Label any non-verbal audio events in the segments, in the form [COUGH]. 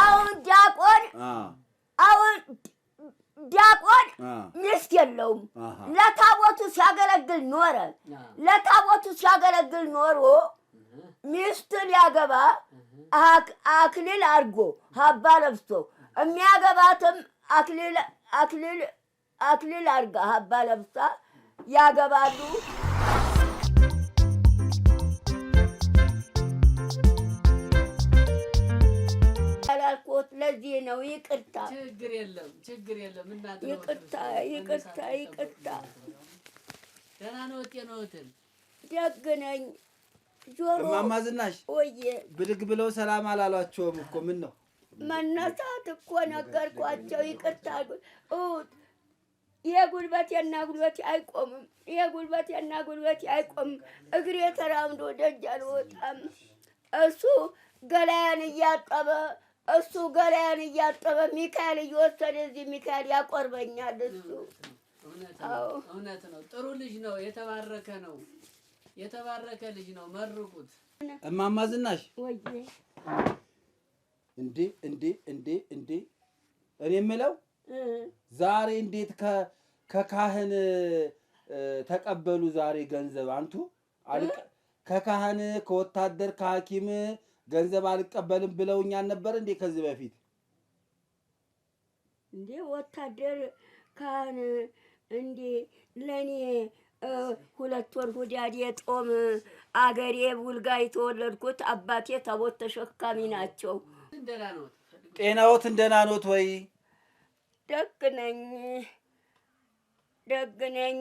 አሁን ዲያቆን አሁን ዲያቆን ሚስት የለውም። ለታቦቱ ሲያገለግል ኖረ። ለታቦቱ ሲያገለግል ኖሮ ሚስትን ያገባ አክሊል አድርጎ ሀባ ለብሶ የሚያገባትም አክሊል አክሊል አክሊል አድርጋ ሀባ ለብሳ ያገባሉ። እኮ ለዚህ ነው። ይቅርታ ችግር የለም ችግር የለም እናት ይቅርታ ይቅርታ ይቅርታ። ደህና ነዎት? የነዎትን ደግ ነኝ። ጆሮ እማማ ዝናሽ ብድግ ብለው ሰላም አላሏቸውም እኮ ምን ነው መነሳት እኮ ነገርኳቸው። ይቅርታ ይሄ ጉልበቴና ጉልበቴ አይቆምም። አይቆምም። እግሬ ተራምዶ ደጅ አልወጣም። እሱ ገላያን እያጠበ እሱ ገላያን እያጠበ ሚካኤል እየወሰደ እዚህ ሚካኤል ያቆርበኛል። እሱ እውነት ነው። ጥሩ ልጅ ነው። የተባረከ ነው። የተባረከ ልጅ ነው። መርቁት። እማማ ዝናሽ እንዴ እንዴ እንዴ እንዴ! እኔ የምለው ዛሬ እንዴት ከካህን ተቀበሉ? ዛሬ ገንዘብ አንቱ ከካህን ከወታደር ከሐኪም ገንዘብ አልቀበልም ብለውኛል ነበር እንዴ? ከዚህ በፊት እንዴ ወታደር ካን እንዴ ለእኔ ሁለት ወር ሁዳዴ ጦም አገሬ ቡልጋ የተወለድኩት አባቴ ታቦት ተሸካሚ ናቸው። ጤናዎት እንደናኖት ወይ? ደግ ነኝ ደግ ነኝ።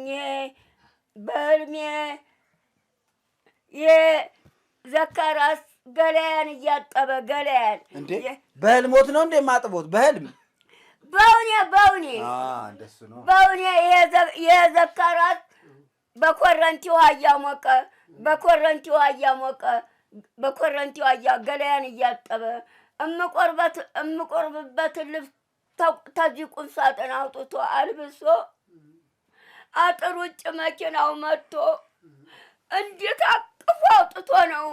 የዘካራስ ገለያን እያጠበ ገለያን እንዴ በህልሞት ነው እንዴ ማጥቦት? በህልም በውኔ በውኔ እንደሱ ነው በውኔ የዘከራት በኮረንቲ ውሃ እያሞቀ በኮረንቲ ውሃ እያሞቀ በኮረንቲ ውሃ እያ ገለያን እያጠበ እምቆርበት እምቆርብበትን ልብስ ተዚህ ቁም ሳጥን አውጥቶ አልብሶ አጥር ውጭ መኪናው መጥቶ እንዴት አቅፎ አውጥቶ ነው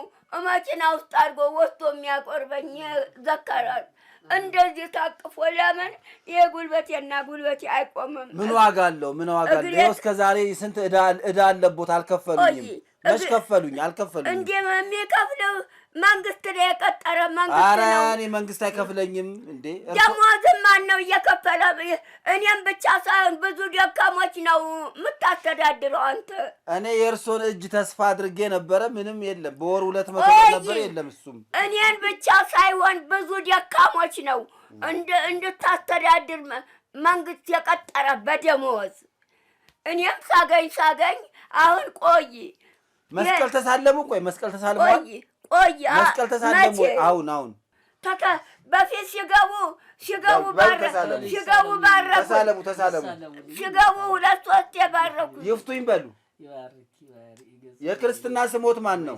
መኪና ውስጥ አድርጎ ወስዶ የሚያቆርበኝ ዘከራል። እንደዚህ ታቅፎ ለምን ይሄ ጉልበቴና ጉልበቴ አይቆምም? ምን ዋጋ አለው? ምን ዋጋ አለው? ይኸው እስከ ዛሬ ስንት እዳ አለቦት አልከፈሉኝም። መች ከፈሉኝ? አልከፈሉኝም። እንደ የሚከፍለው መንግስት ነው የቀጠረ መንግስት ነው። እኔ መንግስት አይከፍለኝም እንዴ? ደሞዝም ማን ነው እየከፈለ? እኔም ብቻ ሳይሆን ብዙ ደካሞች ነው የምታስተዳድረው አንተ። እኔ የእርሶን እጅ ተስፋ አድርጌ ነበረ። ምንም የለም። በወር ሁለት መቶ ነበር። የለም እሱም እኔን ብቻ ሳይሆን ብዙ ደካሞች ነው እንድታስተዳድር መንግስት የቀጠረ በደሞዝ። እኔም ሳገኝ ሳገኝ አሁን ቆይ መስቀል ተሳለሙ። ቆይ መስቀል ተሳለሙ ቆይ ቆይ መስቀል ተሳለሙ አሁን አሁን ተከ በፊት ሲገቡ ሲገቡ ሲገቡ ባረኩ ተሳለሙ ተሳለሙ ሲገቡ ሁለት የባረኩ ይፍቱኝ በሉ። የክርስትና ስሞት ማን ነው?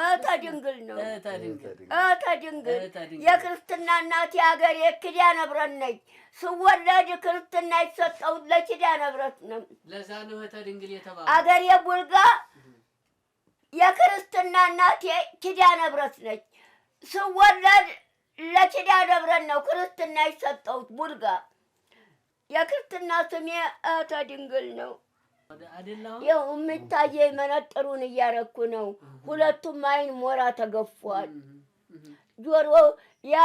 እህተ ድንግል ነው። እህተ ድንግል የክርስትና እናት የሀገር የኪዳነ ምህረት ነች። ስወለድ ክርስትና የተሰጠው ለኪዳነ ምህረት ነው። ለዛ ነው እህተ ድንግል የተባለው አገር የቡልጋ የክርስትና እናቴ ኪዳነ ብረት ነች። ስወለድ ለኪዳነ ብረት ነው ክርስትና የሰጠሁት ቡልጋ። የክርስትና ስሜ እህተ ድንግል ነው። ይኸው የሚታየኝ መነጥሩን እያረኩ ነው። ሁለቱም አይን ሞራ ተገፏል። ጆሮ ያ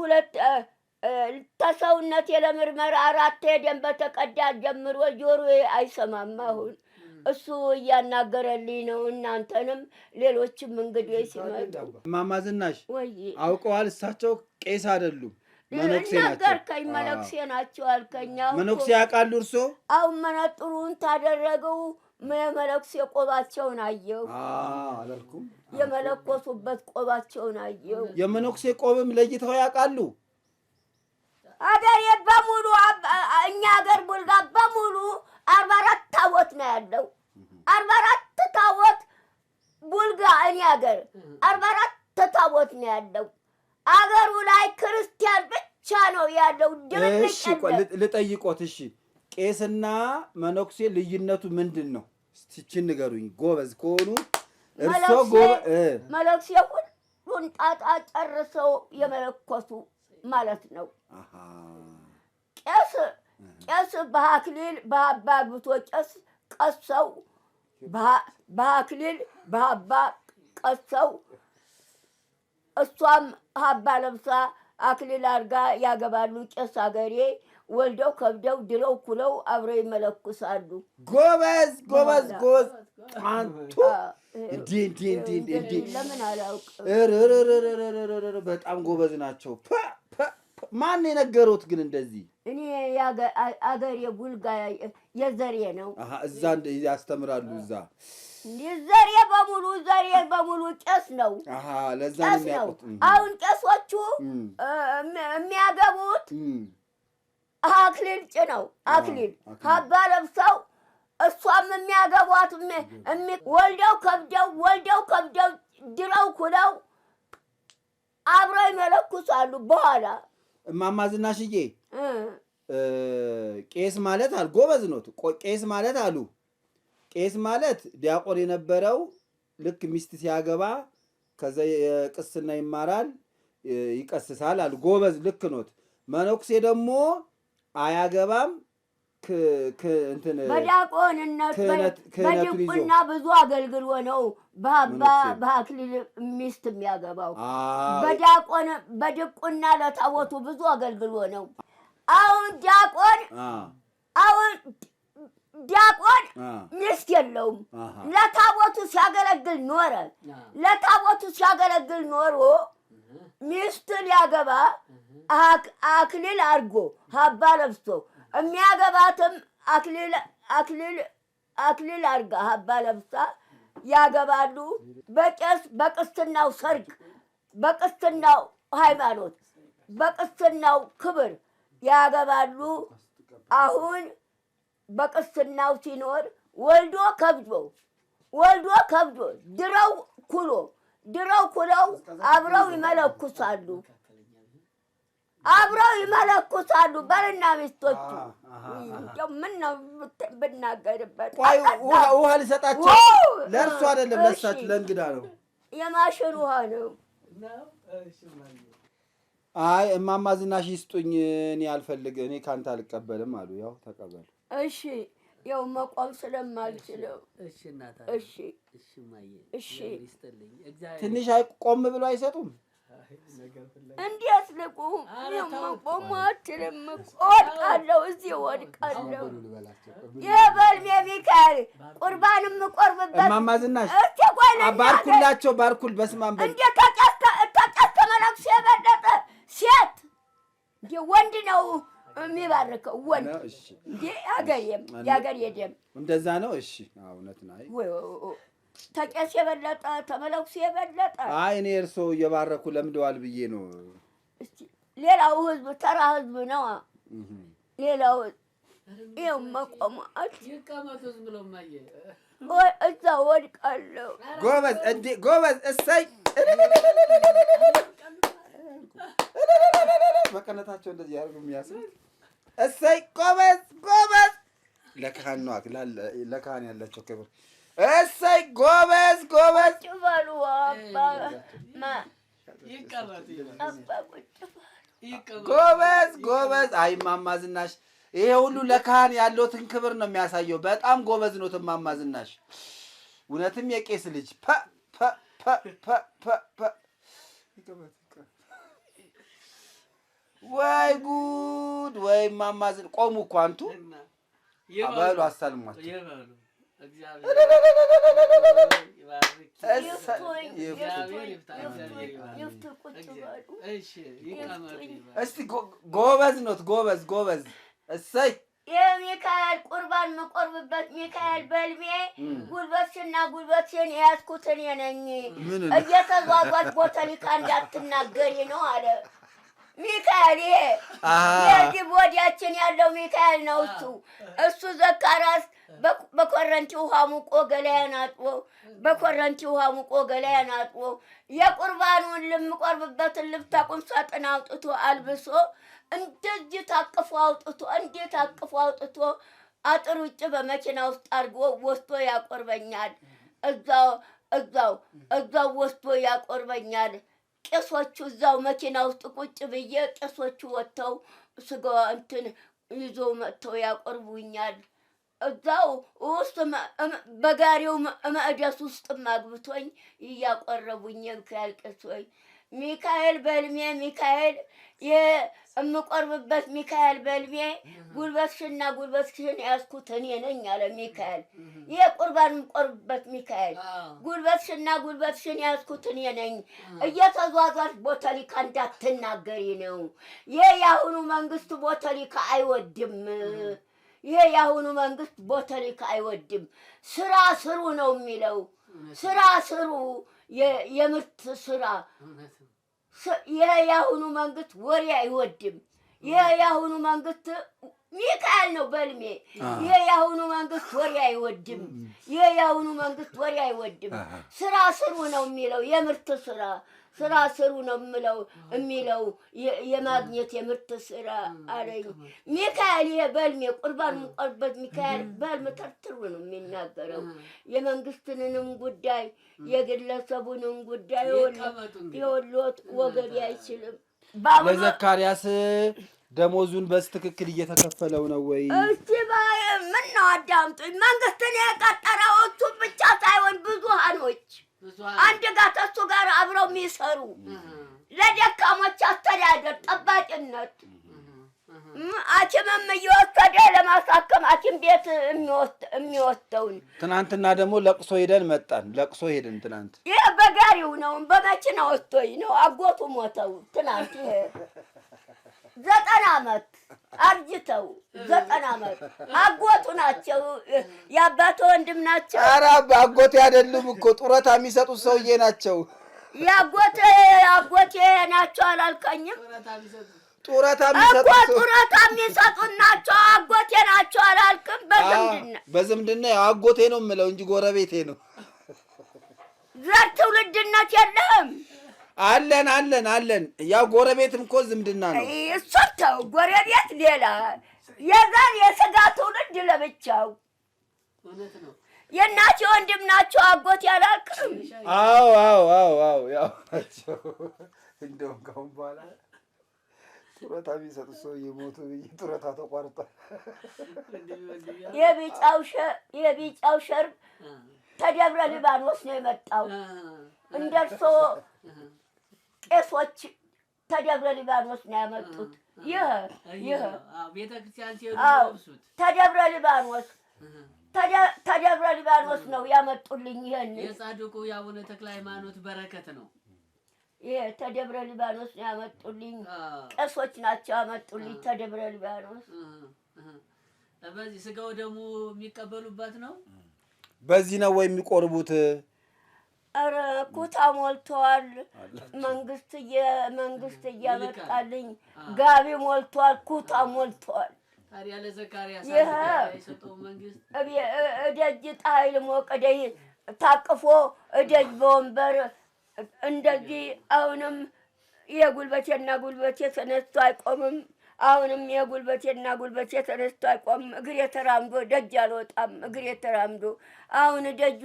ሁለት ተሰውነቴ ለምርመራ አራት ደም በተቀዳ ጀምሮ ጆሮ አይሰማም አሁን እሱ እያናገረልኝ ነው። እናንተንም ሌሎችም እንግዲህ ሲመጡ ማማዝናሽ አውቀዋል። እሳቸው ቄስ አይደሉም መነኩሴ ነገርከኝ። መነኩሴ ናቸው አልከኛ። መነኩሴ ያውቃሉ እርሶ? አሁን መነጥሩን ታደረገው የመለኩሴ ቆባቸውን አየው አላልኩም? የመለኮሱበት ቆባቸውን አየው። የመነኩሴ ቆብም ለይተው ያውቃሉ? አገሬ በሙሉ እኛ አገር ቡልጋ በሙሉ አርባ አራት ታቦት ነው ያለው። አርባ አራት ታቦት ቡልጋ እኔ አገር አርባ አራት ታቦት ነው ያለው። አገሩ ላይ ክርስቲያን ብቻ ነው ያለው። ድምፅ ልጠይቆት። እሺ ቄስና መነኩሴ ልዩነቱ ምንድን ነው? እስቲችን ንገሩኝ ጎበዝ ከሆኑ እርሶ። መነኩሴ ሁሉን ጣጣ ጨርሰው የመለኮሱ ማለት ነው። ቄስ ቄስ በአክሊል በአባ ብቶ ቄስ ቀሰው በአክሊል በአባ ቀሰው እሷም ሀባ ለብሳ አክሊል አድርጋ ያገባሉ። ቄስ አገሬ ወልደው ከብደው ድለው ኩለው አብረው ይመለኩሳሉ። ጎበዝ ጎበዝ ጎበዝ ጣንቱ እንዲህ እንዲህ እንዲህ ለምን አላውቅም። በጣም ጎበዝ ናቸው። ማን የነገሩት ግን እንደዚህ? እኔ አገር ቡልጋ የዘሬ ነው። እዛ ያስተምራሉ። እዛ ዘሬ በሙሉ ዘሬ በሙሉ ቄስ ነው። ለዛ ነው አሁን ቄሶቹ የሚያገቡት አክሊል ጭነው አክሊል ሀባ ለብሰው እሷም የሚያገቧት ወልደው ከብደው ወልደው ከብደው ድረው ኩለው አብረው ይመለኩሳሉ በኋላ እማማ ዝናሽዬ ቄስ ማለት አሉ ጎበዝ ነው። ቄስ ማለት አሉ ቄስ ማለት ዲያቆን የነበረው ልክ ሚስት ሲያገባ ከዛ የቅስና ይማራል ይቀስሳል አሉ። ጎበዝ ልክ ኖት። መነኩሴ ደግሞ አያገባም በዲያቆንነት በዲቁና ብዙ አገልግሎ ነው በአክሊል ሚስት የሚያገባው። በዲያቆን በዲቁና ለታቦቱ ብዙ አገልግሎ ነው። አሁን ዲያቆን አሁን ዲያቆን ሚስት የለውም። ለታቦቱ ሲያገለግል ኖረ። ለታቦቱ ሲያገለግል ኖሮ ሚስት ሊያገባ አክሊል አድርጎ ሀባ ለብሶ የሚያገባትም አክሊል አክሊል አክሊል አድርጋ ሀባ ለብሳ ያገባሉ። በቄስ በቅስትናው ሰርግ፣ በቅስትናው ሃይማኖት፣ በቅስትናው ክብር ያገባሉ። አሁን በቅስትናው ሲኖር ወልዶ ከብዶ ወልዶ ከብዶ ድረው ኩሎ ድረው ኩለው አብረው ይመለኩሳሉ። አብረው ይመለኩሳሉ ባልና ሚስቶቹ። ምን ነው ብናገርበት? ውሃ ልሰጣቸው። ለእርሱ አይደለም ለሳት ለእንግዳ ነው፣ የማሽን ውሃ ነው። አይ እማማ ዝናሽ ይስጡኝ፣ እኔ አልፈልግ፣ እኔ ካንተ አልቀበልም አሉ። ያው ተቀበል። እሺ ያው መቆም ስለማልችለው እሺ፣ እሺ፣ እሺ፣ ትንሽ ቆም ብሎ አይሰጡም እንዴት ልቁም ቆሞ አትልም። ወድቃለሁ፣ እዚህ ወድቃለሁ። ይህ በልሜ ቢከር ቁርባንም እማማ ዝናሽ ባርኩላቸው፣ ባርኩል በስመ አብ እንደ ከቀስ ከመነኩሴ የበለጠ ሴት እንደ ወንድ ነው የሚባርከው ወንድ እንደ ያገሬም ያገሬ ደም እንደዛ ነው። እሺ እውነት ነው። ተቄስ የበለጠ ተመለኩስ የበለጠ አይ እኔ እርሶ እየባረኩ ለምደዋል ብዬ ነው። ሌላው ህዝብ ተራ ህዝብ ነዋ። ሌላው ይኸው ወይ እዛ ወድቃለሁ። ጎበዝ እንዴ ጎበዝ! እሰይ መቀነታቸው እንደዚህ ያደርጉ የሚያስብ እሰይ! ጎበዝ ጎበዝ! ለካህን ነዋ ለካህን ያላቸው ክብር እሰይ ጎበዝ ጎበዝ። ቁጭ ጎበዝ ጎበዝ። አይ እማማ ዝናሽ ይሄ ሁሉ ለካህን ያለትን ክብር ነው የሚያሳየው። በጣም ጎበዝ ነው እማማ ዝናሽ፣ እውነትም የቄስ ልጅ ወይ ጉድ! ወይ እማማ ቆሙ እኮ አንቱ በሉ አሳልሟቸው እስቲ ጎበዝ ኖት ጎበዝ ጎበዝ እሰይ የሚካኤል ቁርባን የምቆርብበት ሚካኤል በልሜ ጉልበትና ጉልበትን የያዝኩትን የነኝ እየተዟዟት ቦተሊካ እንዳትናገሪ ነው አለ ሚካኤል። ይሄ የዚህ ወዲያችን ያለው ሚካኤል ነው። እሱ እሱ ዘካራስ በኮረንቲ ውሃ ሙቆ ገላዬን አጥቦ በኮረንቲ ውሃ ሙቆ ገላዬን አጥቦ የቁርባኑን ልምቆርብበትን ልብታ ቁም ሳጥን አውጥቶ አልብሶ እንደዚህ ታቅፎ አውጥቶ እንዴት አቅፎ አውጥቶ አጥር ውጭ በመኪና ውስጥ አድርጎ ወስዶ ያቆርበኛል። እዛው እዛው እዛው ወስዶ ያቆርበኛል። ቄሶቹ እዛው መኪና ውስጥ ቁጭ ብዬ ቄሶቹ ወጥተው ስጋ እንትን ይዞ መጥተው ያቆርቡኛል። እዛው ውስጥ በጋሪው መቅደስ ውስጥ ማግብቶኝ እያቆረቡኝ የሚካኤል ቄሶኝ ሚካኤል በልሜ ሚካኤል የምቆርብበት ሚካኤል በልሜ ጉልበትሽና ጉልበትሽን ያዝኩት እኔ ነኝ አለ ሚካኤል። ይህ ቁርባን የምቆርብበት ሚካኤል ጉልበትሽና ጉልበትሽን ያዝኩት እኔ ነኝ። እየተዟዟች ቦተሊካ እንዳትናገሪ ነው። ይህ የአሁኑ መንግስት ቦተሊካ አይወድም። ይሄ የአሁኑ መንግስት ቦተሊክ አይወድም። ስራ ስሩ ነው የሚለው። ስራ ስሩ፣ የምርት ስራ። ይሄ የአሁኑ መንግስት ወሬ አይወድም። ይሄ የአሁኑ መንግስት ሚካኤል ነው በልሜ። ይሄ የአሁኑ መንግስት ወሬ አይወድም። ይሄ የአሁኑ መንግስት ወሬ አይወድም። ስራ ስሩ ነው የሚለው፣ የምርት ስራ ስራ ስሩ ነው የምለው የሚለው የማግኘት የምርት ስራ አለኝ። ሚካኤል ይሄ በልሜ ቁርባን የምንቆርበት ሚካኤል በልም ተርትሩ ነው የሚናገረው። የመንግስትንንም ጉዳይ የግለሰቡንም ጉዳይ የወሎት ወገቢ አይችልም። በዘካርያስ ደሞዙን በስትክክል እየተከፈለው ነው ወይ? እስቲ ምን ነው አዳምጡኝ። መንግስትን የቀጠረው እሱ ብቻ ሳይሆን ብዙሃኖች አንድ ጋር ተሱ ጋር አብረው የሚሰሩ ለደካሞች አስተዳደር ጠባቂነት አኪምም እየወሰደ ለማሳከም አኪም ቤት የሚወስደውን ትናንትና ደግሞ ለቅሶ ሄደን መጣን። ለቅሶ ሄደን ትናንት ይህ በጋሪው ነው በመኪና ወስቶኝ ነው አጎቱ ሞተው ትናንት ይሄ ዘጠና ዓመት አርጅተው ዘጠና ዓመት አጎቱ ናቸው። የአባቶ ወንድም ናቸው። ኧረ አጎቴ አይደሉም እኮ ጡረታ የሚሰጡት ሰውዬ ናቸው። የአጎቴ አጎቴ ናቸው አላልከኝም? ጡረታ ጡረታ የሚሰጡት ናቸው። አጎቴ ናቸው አላልክም? በዝምድና በዝምድና አጎቴ ነው የምለው እንጂ ጎረቤቴ ነው። ዘር ትውልድነት የለህም። አለን አለን አለን። ያው ጎረቤትም እኮ ዝምድና ነው። እሱ ተው ጎረቤት ሌላ የዛን የስጋ ትውልድ ለብቻው የእናቴ ወንድም ናቸው። አጎት ያላቅም። አዎ አዎ አዎ አዎ ያው ናቸው። እንደውም ካሁን በኋላ ጡረታ ቢሰጥ ሰው የሞቱ ጡረታ ተቋርጧል። የቢጫው ሸርብ ተደብረ ልባን ነው የመጣው እንደርሶ ቄሶች ተደብረ ሊባኖስ ነው ያመጡት። ይህ ይህ ቤተክርስቲያን ሲሄዱ ተደብረ ሊባኖስ ተደብረ ሊባኖስ ነው ያመጡልኝ። ይሄን የጻድቁ የአቡነ ተክለ ሃይማኖት በረከት ነው። ይሄ ተደብረ ሊባኖስ ነው ያመጡልኝ። ቄሶች ናቸው ያመጡልኝ ተደብረ ሊባኖስ። በዚህ ስጋው ደግሞ የሚቀበሉበት ነው። በዚህ ነው ወይ የሚቆርቡት? ኧረ ኩታ ታሞልተዋል። መንግስት መንግስት እያመጣልኝ ጋቢ ሞልተዋል፣ ኩታ ሞልተዋል። ይህ እደጅ ጣይል ሞቅ ደይ ታቅፎ እደጅ በወንበር እንደዚህ አሁንም የጉልበቴና ጉልበቴ ተነስቶ አይቆምም። አሁንም የጉልበቴና ጉልበቴ ተነስቶ አይቆምም። እግሬ ተራምዶ ደጅ አልወጣም። እግሬ ተራምዶ አሁን ደጅ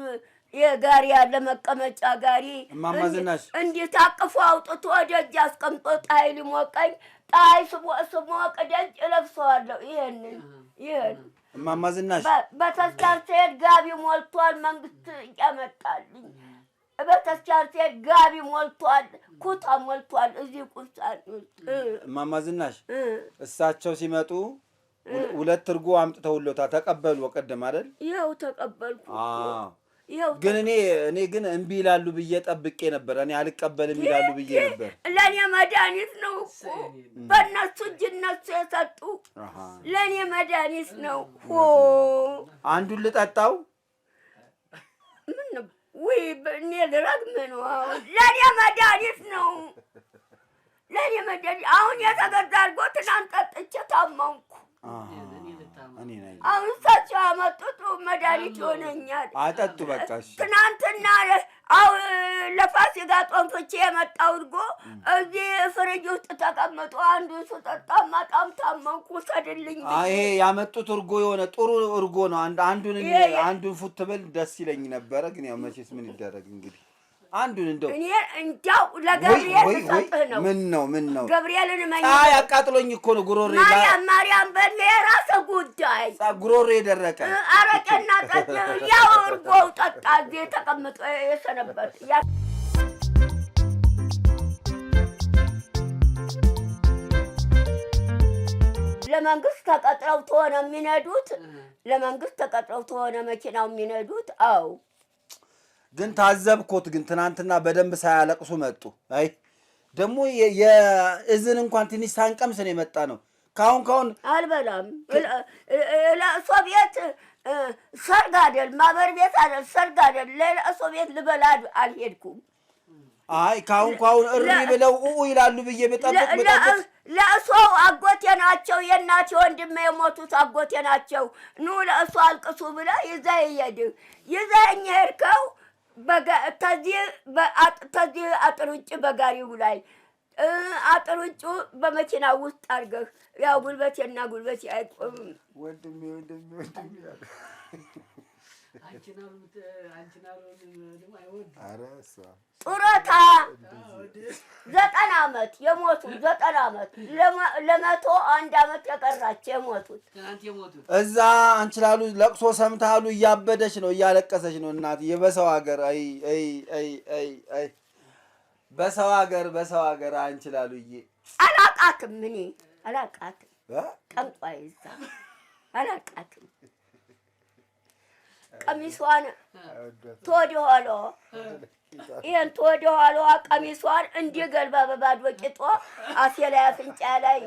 የጋሪ ያለ መቀመጫ ጋሪ ማማዝናሽ እንዲህ ታቅፎ አውጥቶ ደጅ አስቀምጦ ጣይ ሊሞቀኝ ጣይ ስሞቅ ደጅ እለብሰዋለሁ። ይሄንን ይሄን ማማዝናሽ በተስቻር ስሄድ ጋቢ ሞልቷል። መንግስት ያመጣልኝ በተስቻር ስሄድ ጋቢ ሞልቷል፣ ኩታ ሞልቷል። እዚህ ቁሳን ማማዝናሽ እሳቸው ሲመጡ ሁለት እርጎ አምጥተውሎታ ተቀበሉ። ቀደም አይደል? ይኸው ተቀበልኩ። አዎ ግን እኔ እኔ ግን እምቢ ይላሉ ብዬ ጠብቄ ነበር። እኔ አልቀበልም ይላሉ ብዬ ነበር። ለእኔ መድኃኒት ነው እኮ በእነሱ እጅ እነሱ የሰጡ ለእኔ መድኃኒት ነው። ሆ አንዱን ልጠጣው ምን ውይ እኔ ልረግም ነው። ለእኔ መድኃኒት ነው። ለእኔ መድኃኒት አሁን የተገዛ አድርጎ ትናንት ጠጥቼ ታመምኩ። አሁን እሳቸው ያመጡት መድኃኒት ይሆነኛል። አጠጡ በቃ ትናንትና አው ለፋሲካ የመጣው እርጎ እዚህ ፍሪጅ ውስጥ ተቀምጦ አንዱ ስጠጣ በጣም ታመንኩ። ውሰድልኝ። ይሄ ያመጡት እርጎ የሆነ ጥሩ እርጎ ነው። አንዱን አንዱን ደስ ይለኝ ነበረ፣ ግን ያው መቼስ ምን ይደረግ እንግዲህ አንዱን እንደው እኔ እንደው ለገብርኤል ልሰጥህ ነው። ምን ነው ምን ነው? ገብርኤልን መኝ አይ አቃጥሎኝ እኮ ነው ጉሮሬ። ማርያም ማርያም በል የራስህ ጉዳይ። ጉሮሬ ደረቀ። አረቄና ጠጅ ያው እርጎው ጠጣ። እዚህ ተቀምጦ የሰነበት ለመንግስት ተቀጥረው ተሆነ የሚነዱት ለመንግስት ተቀጥረው ተሆነ መኪናው የሚነዱት አው ግን ታዘብኮት። ግን ትናንትና በደንብ ሳያለቅሱ መጡ። አይ ደግሞ የእዝን እንኳን ትንሽ ሳንቀምስ ነው የመጣ ነው። ካሁን ካሁን አልበላም። ለእሶ ቤት ሰርግ አይደል ማህበር ቤት አይደል ሰርግ አይደል ለእሶ ቤት ልበላ አልሄድኩም። አይ ካሁን ካሁን እሪ ብለው ኡ ይላሉ ብዬ ብጠብቅ ብጠብቅ ለእሶ አጎቴ ናቸው የእናቴ ወንድም የሞቱት አጎቴ ናቸው። ኑ ለእሶ አልቅሱ ብለ ይዘ ይሄድ ይዘህ እኛ ሄድከው ተዚህ አጥር ውጭ በጋሪው ላይ አጥር ውጭ በመኪና ውስጥ አድርገህ ያው ጉልበቴና ጉልበቴ አይቆምም ወንድሜ ወንድሜ ወንድሜ ጡረታ ዘጠና አመት የሞቱት ዘጠና አመት ለመቶ አንድ አመት የቀራቸው የሞቱት እዛ ላሉ ለቅሶ ሰምታሉ። እያበደች ነው እያለቀሰች ነው እናት የበሰው ሀገር በሰው ሀገር በሰው ሀገር አላቃትም እኔ አላቃትም ቀምጧ ይዛ አላቃትም ቀሚሷን ተወደ ኋላ ይሄን ተወደ ኋላ ቀሚሷን እንዲህ ገልባ በባዶ ቂጧ አፌ ላይ አፍንጫ ላይ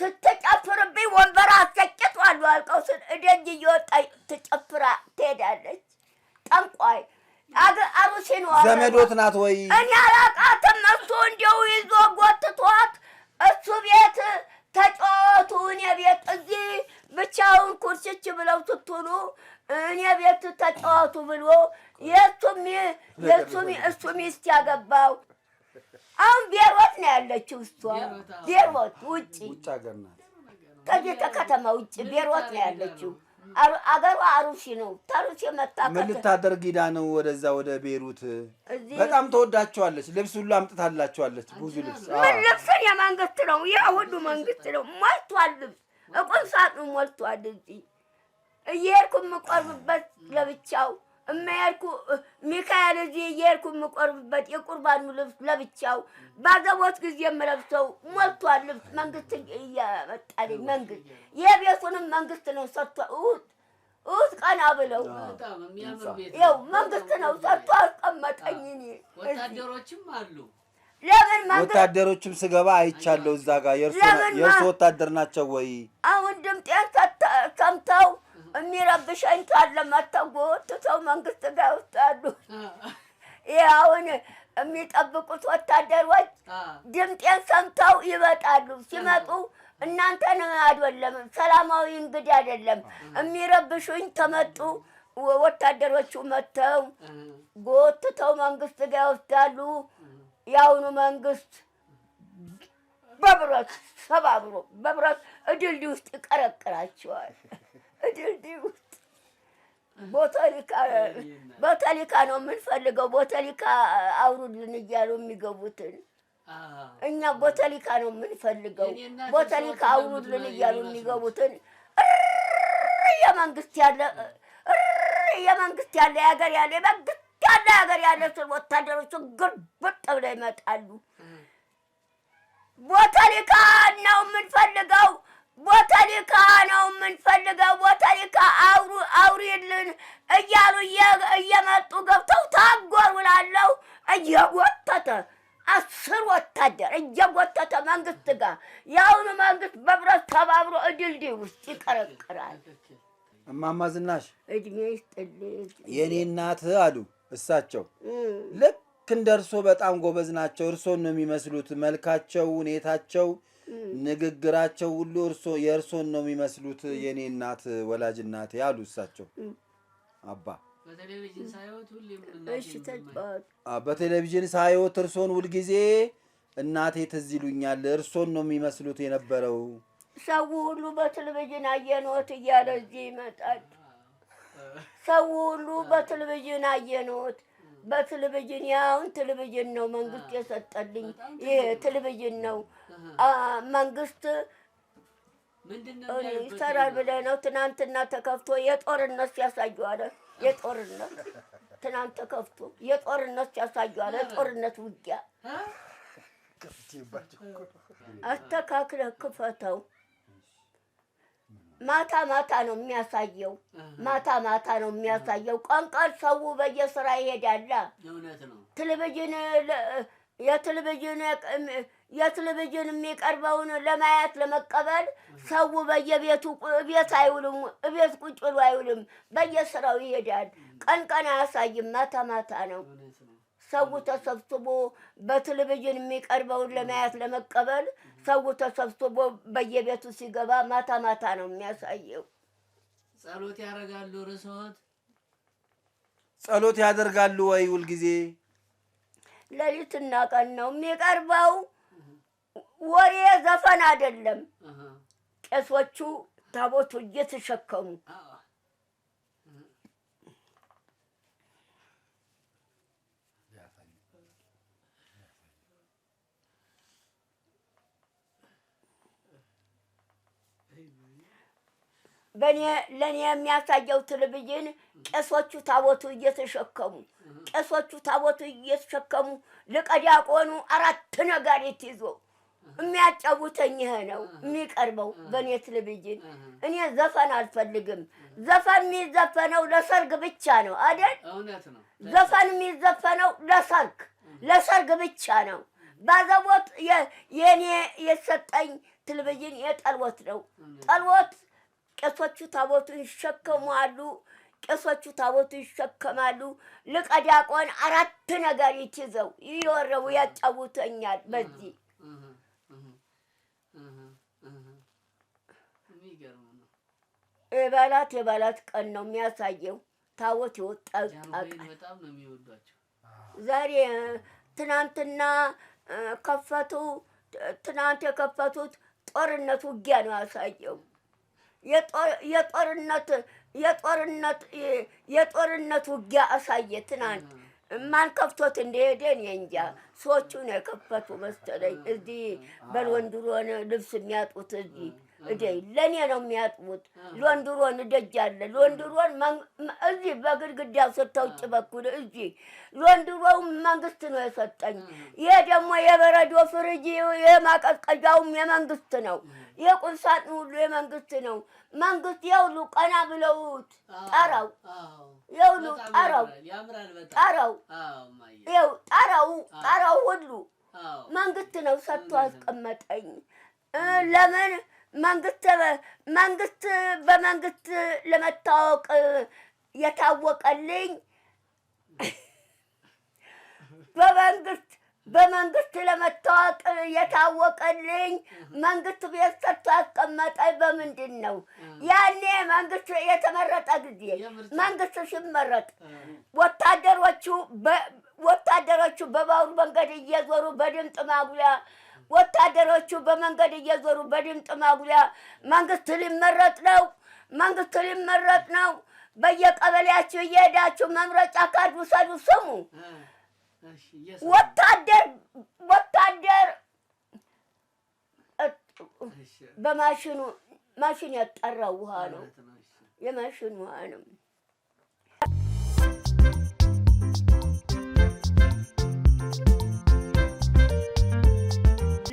ስትጨፍርብኝ ወንበር አስቀጭጥ አሉ አልቀው እደጅ እየወጣ ትጨፍራ ትሄዳለች። ጠንቋይ አሩሲን ዘመዶት ናት ወይ እኔ አላቃትም። እሱ እንዲሁ ይዞ ጎትቷት እሱ ቤት ተጫወቱ እኔ ቤት እዚህ ብቻውን ኩርችች ብለው እኔ ቤት ተጫወቱ ብሎ የሱም የሱም እሱ ሚስት ያገባው አሁን ቤሮት ነው ያለችው። እሷ ቤሮት ውጭ ከቤተ ከተማ ውጭ ቤሮት ነው ያለችው። አገሯ አሩሲ ነው። ታሩሲ መጣ። ምን ልታደርግ ሂዳ ነው ወደዛ ወደ ቤሩት? በጣም ተወዳቸዋለች። ልብስ ሁሉ አምጥታላቸዋለች። ብዙ ልብስ ምን ልብስን የመንግስት ነው። ይህ ሁሉ መንግስት ነው። ሞልቷል። ልብስ እቁም ሳጥኑ ሞልቷል እዚህ እየሄድኩ የምቆርብበት ለብቻው እማያልኩ ሚካኤል እዚህ እየሄድኩ የምቆርብበት የቁርባኑ ልብስ ለብቻው ባገቦት ጊዜ የምለብሰው ሞልቷል። ልብስ መንግስት እያመጣልኝ መንግስት የቤቱንም መንግስት ነው ሰጥቷ እሑድ እሑድ ቀና ብለው ይኸው መንግስት ነው ሰጥቷ አስቀመጠኝ። ወታደሮችም አሉ ለምን ወታደሮችም ስገባ አይቻለሁ እዛ ጋር የእርሱ ወታደር ናቸው ወይ አሁን ድምጤን ሰምተው የሚረብሸኝ ካለ መተው ጎትተው መንግስት ጋር ይወስዳሉ። ይህ አሁን የሚጠብቁት ወታደሮች ድምጤን ሰምተው ይመጣሉ። ሲመጡ እናንተን አይደለም ሰላማዊ እንግዳ አይደለም የሚረብሹኝ ከመጡ ወታደሮቹ መጥተው ጎትተው መንግስት ጋር ይወስዳሉ። የአሁኑ መንግስት በብረት ሰባብሮ በብረት እድልድይ ውስጥ ይቀረቅራቸዋል። ድልድይ [LAUGHS] ውስጥ ቦታሊካ ነው የምንፈልገው። ቦተሊካ አውሩልን እያሉ የሚገቡትን እኛ ቦተሊካ ነው የምንፈልገው። ቦተሊካ አውሩልን እያሉ የሚገቡትን የመንግስት ያለ የመንግስት ያለ ያገር ያለ መንግስት ያለ ያገር ያለ ስል ወታደሮቹን ግልብጥ ብለው ይመጣሉ። ቦተሊካ ነው የምንፈልገው ቦተሊካ ነው የምንፈልገው፣ ቦተሊካ አውሩ አውሪልን እያሉ እየመጡ ገብተው ታጎሩላለው እየጎተተ አስር ወታደር እየጎተተ መንግስት ጋር የአሁኑ መንግስት በብረት ተባብሮ እድልድይ ውስጥ ይቀረቅራል። እማማ ዝናሽ እድሜ ይስጥልኝ። የእኔ እናት አሉ እሳቸው ልክ እንደ እርሶ በጣም ጎበዝ ናቸው። እርሶን ነው የሚመስሉት መልካቸው፣ ሁኔታቸው ንግግራቸው ሁሉ እርሶ የእርሶን ነው የሚመስሉት የኔ እናት ወላጅ እናት ያሉ እሳቸው አባ። በቴሌቪዥን ሳይወት እርሶን ሁልጊዜ እናቴ ትዝ ይሉኛል፣ እርሶን ነው የሚመስሉት የነበረው። ሰው ሁሉ በቴሌቪዥን አየኖት እያለ እዚህ ይመጣል። ሰው ሁሉ በቴሌቪዥን አየኖት በቴሌቪዥን ያውን ቴሌቪዥን ነው መንግስት የሰጠልኝ፣ ይሄ ቴሌቪዥን ነው መንግስት ይሰራል ብለህ ነው? ትናንትና ተከፍቶ የጦርነት አለ። የጦርነት ትናንት ተከፍቶ የጦርነት አለ። ጦርነት ውጊያ አስተካክለህ ክፈተው። ማታ ማታ ነው የሚያሳየው። ማታ ማታ ነው የሚያሳየው። ቀን ሰው በየስራ ይሄዳል። ቴሌቪዥን የቴሌቪዥን የቴሌቪዥን የሚቀርበውን ለማየት ለመቀበል ሰው በየቤቱ ቤት አይውልም፣ እቤት ቁጭ ብሎ አይውልም። በየስራው ይሄዳል። ቀን ቀን አያሳይም፣ ማታ ማታ ነው። ሰው ተሰብስቦ በቴሌቪዥን የሚቀርበውን ለማየት ለመቀበል ሰው ተሰብስቦ በየቤቱ ሲገባ ማታ ማታ ነው የሚያሳየው። ጸሎት ያደርጋሉ። ርሶት ጸሎት ያደርጋሉ ወይ? ሁልጊዜ ሌሊትና ቀን ነው የሚቀርበው። ወሬ ዘፈን አይደለም። ቄሶቹ ታቦቱ እየተሸከሙ በእኔ ለእኔ የሚያሳየው ትልብይን ቄሶቹ ታቦቱ እየተሸከሙ ቄሶቹ ታቦቱ እየተሸከሙ ሊቀ ዲያቆኑ አራት ነጋሪት ይዞ የሚያጫውተኝ ይሄ ነው የሚቀርበው በእኔ ቴሌቪዥን። እኔ ዘፈን አልፈልግም። ዘፈን የሚዘፈነው ለሰርግ ብቻ ነው አይደል? ዘፈን የሚዘፈነው ለሰርግ ለሰርግ ብቻ ነው። ባዘቦት የኔ የሰጠኝ ቴሌቪዥን የጠልወት ነው። ጠልወት ቄሶቹ ታቦቱ ይሸከሙ ቄሶቹ ታቦቱ ይሸከማሉ። ሊቀ ዲያቆን አራት ነገር ይትዘው ይወረቡ ያጫውተኛል በዚህ የበዓላት የበዓላት ቀን ነው የሚያሳየው። ታቦት ይወጣል። ዛሬ ትናንትና ከፈቱ። ትናንት የከፈቱት ጦርነት ውጊያ ነው ያሳየው። የጦርነት የጦርነት የጦርነት ውጊያ አሳየ። ትናንት ማን ከፍቶት እንደሄደን የእንጃ ሰዎቹ ነው የከፈቱ መሰለኝ። እዚህ በልወንድሮን ልብስ የሚያጡት እዚህ እዴ ለእኔ ነው የሚያጥቡት። ሎንድሮን እደጅ አለ። ሎንድሮን እዚህ በግድግዳው ስትውጭ በኩል እዚህ ሎንድሮውን መንግስት ነው የሰጠኝ። ይሄ ደግሞ የበረዶ ፍሪጅ የማቀዝቀዣውም የመንግስት ነው። የቁም ሳጥን ሁሉ የመንግስት ነው። መንግስት የሁሉ ቀና ብለውት ጠራው፣ የሁሉ ጠራው፣ ጠራው፣ ይኸው ጠራው፣ ጠራው ሁሉ መንግስት ነው ሰጥቶ አስቀመጠኝ። ለምን መንግስት መንግስት በመንግስት ለመታወቅ የታወቀልኝ [LAUGHS] በመንግስት በመንግስት ለመታወቅ የታወቀልኝ መንግስት ቤት ሰርቶ ያስቀመጠኝ በምንድን ነው? ያኔ መንግስት የተመረጠ ጊዜ መንግስት ሲመረጥ ወታደሮቹ ወታደሮቹ በባቡር መንገድ እየዞሩ በድምፅ ማጉያ ወታደሮቹ በመንገድ እየዞሩ በድምፅ ማጉያ መንግስት ሊመረጥ ነው፣ መንግስት ሊመረጥ ነው፣ በየቀበሌያችሁ እየሄዳችሁ መምረጫ ካርድ ውሰዱ። ስሙ ወታደር ወታደር በማሽኑ ማሽን ያጠራው ውሃ ነው፣ የማሽን ውሃ ነው።